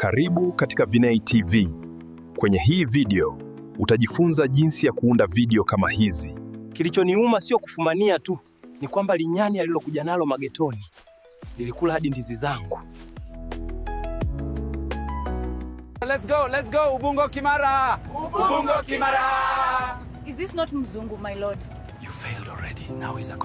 Karibu katika Vinei TV. Kwenye hii video utajifunza jinsi ya kuunda video kama hizi. Kilichoniuma sio kufumania tu, ni kwamba linyani alilokuja nalo magetoni lilikula hadi ndizi zangu. Let's go, let's go Ubungo Kimara. Ubungo Kimara. Is this not mzungu my lord?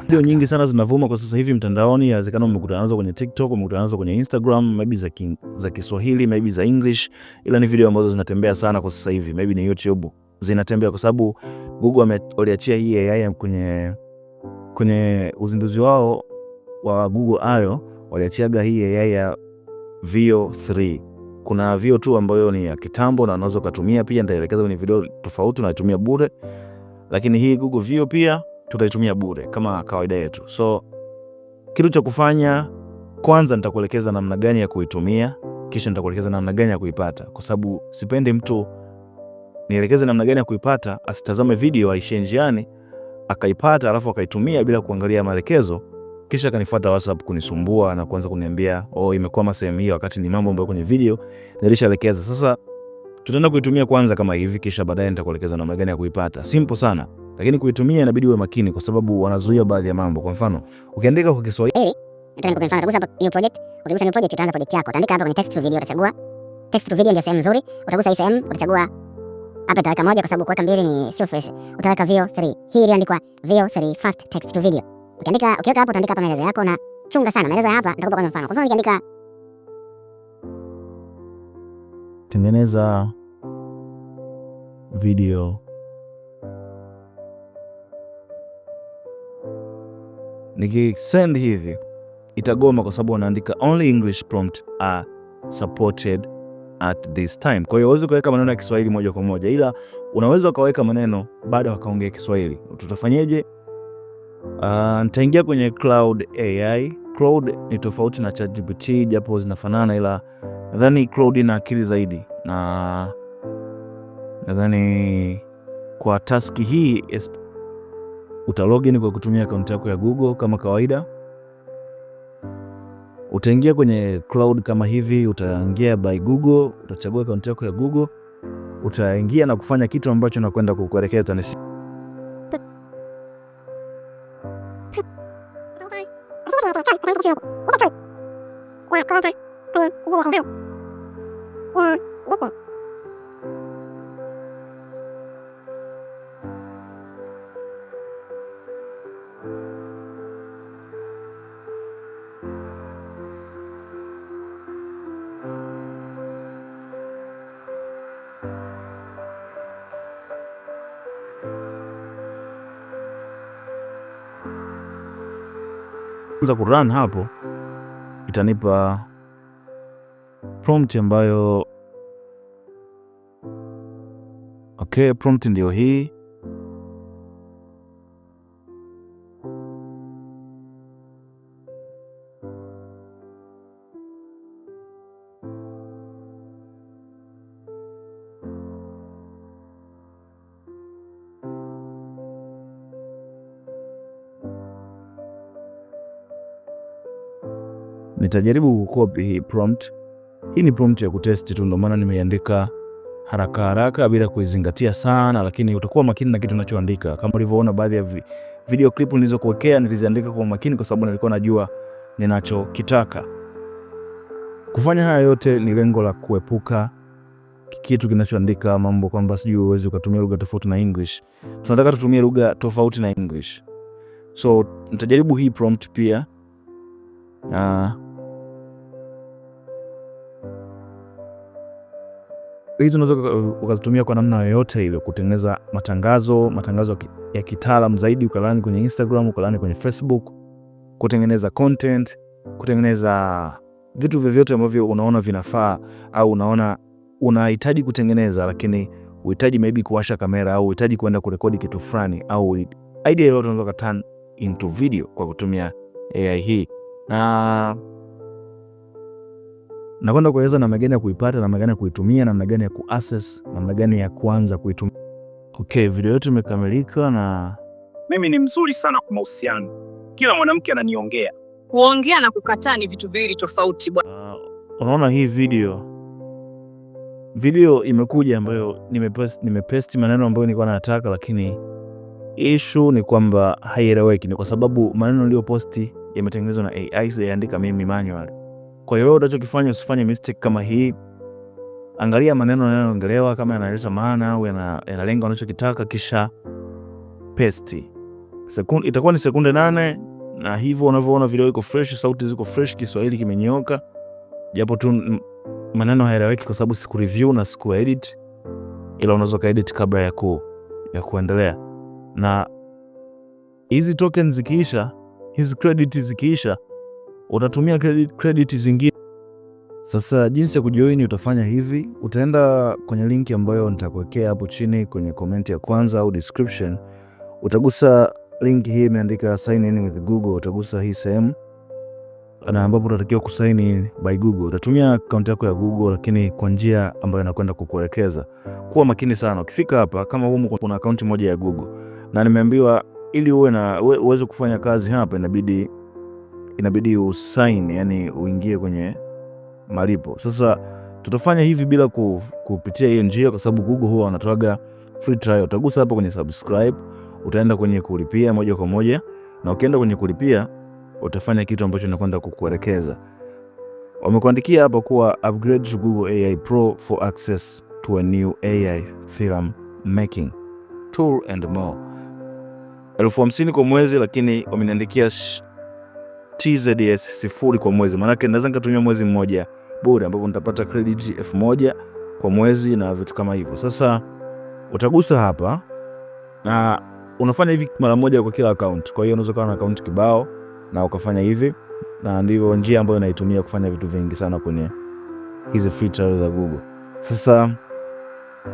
Video nyingi sana zinavuma kwa sasa hivi mtandaoni. Yawezekana umekutana nazo kwenye TikTok, umekutana nazo kwenye Instagram, maybe za king, za Kiswahili, maybe za English, ila ni video ambazo zinatembea sana kwa sasa hivi, maybe ni YouTube zinatembea kwa sababu Google waliachia hii AI kwenye kwenye uzinduzi wao wa Google ayo waliachiaga hii AI ya VO3. Kuna VO2 ambayo ni ya kitambo na unaweza ukatumia pia, nitaelekeza kwenye video tofauti, naitumia bure lakini hii Google View pia tutaitumia bure kama kawaida yetu. So kitu cha kufanya kwanza, nitakuelekeza namna gani ya kuitumia, kisha nitakuelekeza namna gani ya kuipata, kwa sababu sipendi mtu nielekeze namna gani ya kuipata asitazame video aishie njiani akaipata alafu akaitumia bila kuangalia maelekezo, kisha akanifuata WhatsApp kunisumbua na kuanza kuniambia oh, imekwama sehemu hiyo, wakati ni mambo ambayo kwenye video nilishaelekeza. Sasa tutaenda kuitumia kwanza kama hivi, kisha baadaye nitakuelekeza namna gani ya kuipata. Simple sana, lakini kuitumia inabidi uwe makini, kwa sababu wanazuia baadhi ya mambo. Kwa mfano ukiandika kwa Kiswahili, Kwa mfano. Utagusa hapa new project, ukigusa new project utaanza project yako. Utaandika hapa kwenye text to video, utachagua text to video, ndio sehemu nzuri. Utagusa hii sehemu, utachagua hapa utaweka moja kwa sababu kuweka mbili ni sio fresh. Utaweka VO3. Hii iliandikwa VO3 fast text to video. Ukiandika ukiweka hapo utaandika hapa maelezo yako na chunga sana maelezo ya hapa. Nitakupa kwa mfano. Kwa mfano ukiandika kutengeneza video nikisend hivi itagoma kwa sababu wanaandika only English prompt are supported at this time. Kwa hiyo huwezi ukaweka maneno ya Kiswahili moja kwa moja, ila unaweza ukaweka maneno baada wakaongea Kiswahili. Tutafanyeje? Uh, nitaingia kwenye Claude AI. Claude ni tofauti na ChatGPT japo zinafanana ila Nadhani Cloud ina akili zaidi, na nadhani kwa taski hii utalogin kwa kutumia akaunti yako ya Google kama kawaida. Utaingia kwenye Cloud kama hivi, utaingia by Google, utachagua akaunti yako ya Google, utaingia na kufanya kitu ambacho nakwenda kukuelekeza tôi mua không za kurun hapo itanipa prompt ambayo okay, prompt ndio hii. Nitajaribu kukopi hii prompt. Hii ni prompt ya kutesti tu, ndio maana nimeiandika haraka haraka bila kuizingatia sana, lakini utakuwa makini na kitu unachoandika. Kama ulivyoona baadhi ya video clip nilizokuwekea niliziandika kwa makini, kwa sababu nilikuwa najua ninachokitaka. Kufanya haya yote ni lengo la kuepuka kitu kinachoandika mambo kwamba sijui uweze ukatumia lugha tofauti na English. Tunataka tutumie lugha tofauti na English, so nitajaribu hii prompt pia uh, hizi unaweza ukazitumia kwa namna yoyote ile kutengeneza matangazo, matangazo ya kitaalam zaidi, ukalani kwenye Instagram, ukalani kwenye Facebook, kutengeneza content, kutengeneza vitu vyovyote ambavyo unaona vinafaa au unaona unahitaji kutengeneza, lakini uhitaji maybe kuwasha kamera au uhitaji kwenda kurekodi kitu fulani, au idea yoyote unaweza turn into video kwa kutumia AI hii na nakwenda kueleza namna gani ya kuipata, namna gani ya kuitumia, namna gani ya kuaccess, namna gani ya kuanza kuitumia. Okay, video yetu imekamilika na mimi ni mzuri sana kwa mahusiano, kila mwanamke ananiongea. Kuongea na kukataa ni vitu viwili tofauti bwana. Uh, unaona hii video video imekuja ambayo nimepest, nime maneno ambayo nilikuwa nataka, lakini ishu ni kwamba haieleweki. Ni kwa sababu maneno niliyoposti yametengenezwa na AI, sijaandika mimi manual. Kwa hiyo unachokifanya usifanye mistake kama hii. Angalia maneno yanayoongelewa kama yanaleta maana au yanalenga unachokitaka, kisha paste. Sekunde itakuwa ni sekunde nane, na hivyo unavyoona video iko fresh, sauti ziko fresh, Kiswahili kimenyoka, japo tu maneno hayaeleweki kwa sababu siku review na siku edit, ila unaweza edit kabla ya ku ya kuendelea na hizi token zikiisha, hizi credit zikiisha utatumia credit, credit zingine. Sasa jinsi ya kujoin utafanya hivi, utaenda kwenye linki ambayo nitakuwekea hapo chini kwenye komenti ya kwanza au description. Utagusa linki hii imeandika sign in with Google, utagusa hii sehemu na ambapo unatakiwa kusign in by Google. Utatumia akaunti yako ya Google, lakini kwa njia ambayo nakwenda kukuelekeza. Kuwa makini sana, ukifika hapa, kama humu kuna akaunti moja ya Google na nimeambiwa ili uwe na uweze kufanya kazi hapa inabidi inabidi usaini yani uingie kwenye malipo. Sasa tutafanya hivi bila kupitia hiyo njia, kwa sababu Google huwa wanatoaga free trial. Utagusa hapa kwenye subscribe, utaenda kwenye kulipia moja kwa moja, na ukienda kwenye kulipia utafanya kitu ambacho nakwenda kukuelekeza. Wamekuandikia hapa kuwa upgrade to Google AI Pro for access to a new AI film making tool and more, elfu hamsini kwa mwezi, lakini wameniandikia TZS sifuri kwa mwezi, maanake naweza nikatumia mwezi mmoja bure, ambapo nitapata credit elfu moja kwa mwezi na vitu kama hivyo. Sasa utagusa hapa na unafanya hivi mara moja kwa kila account. Kwa hiyo unaweza kuwa na account kibao na ukafanya hivi, na ndivyo njia ambayo naitumia kufanya vitu vingi sana kwenye hizi free za Google. Sasa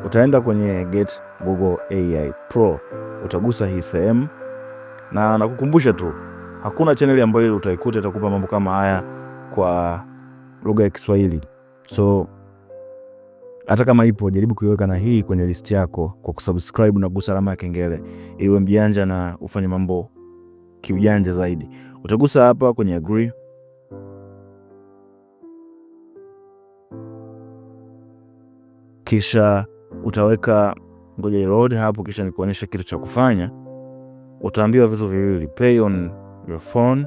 utaenda kwenye Get Google AI Pro, utagusa hii sehemu na nakukumbusha tu Hakuna chaneli ambayo utaikuta itakupa mambo kama haya kwa lugha ya Kiswahili. So hata kama ipo, jaribu kuiweka na hii kwenye list yako kwa kusubscribe na kugusa alama ya kengele, ili mjanja na ufanye mambo kiujanja zaidi. Utagusa hapa kwenye agree kisha utaweka ngoja load hapo, kisha nikuonyesha kitu cha kufanya. Utaambiwa vitu viwili pay on your phone,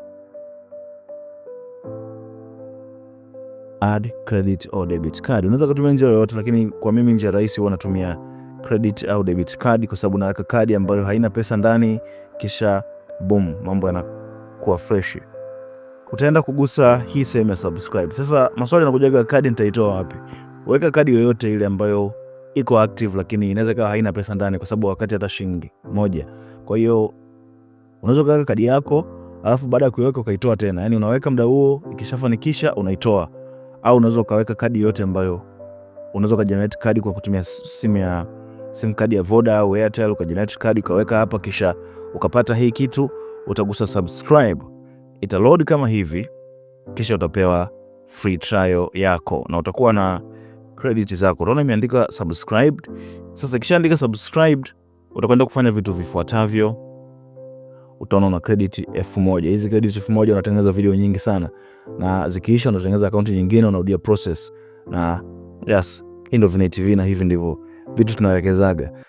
add credit or debit card. Unaweza kutumia njia yoyote, lakini kwa mimi njia rahisi huwa natumia credit au debit card, kwa sababu naweka kadi ambayo haina pesa ndani, kisha boom, mambo yanakuwa fresh. Utaenda kugusa hii sehemu ya subscribe. Sasa maswali yanakuja, kadi nitaitoa wapi? Weka kadi yoyote ile ambayo iko active, lakini inaweza kawa haina pesa ndani, kwa sababu wakati hata shilingi moja. Kwa hiyo unaweza kuweka kadi yako alafu baada ya kuiweka ukaitoa tena. Yani unaweka muda huo, ikishafanikisha unaitoa, au unaweza ukaweka kadi yote ambayo unaweza ukajenerate kadi kwa kutumia simu ya sim kadi ya Voda au Airtel, ukajenerate kadi ukaweka hapa, kisha ukapata hii kitu, utagusa subscribe, ita load kama hivi, kisha utapewa free trial yako na utakuwa na credit zako. Unaona imeandika subscribed. Sasa kisha andika subscribed, utakwenda kufanya vitu vifuatavyo utaona una credit elfu moja. Hizi credit elfu moja unatengeneza video nyingi sana, na zikiisha unatengeneza akaunti nyingine, unarudia process. Na yes, hii ndio Vinei TV na hivi ndivyo vitu tunawekezaga.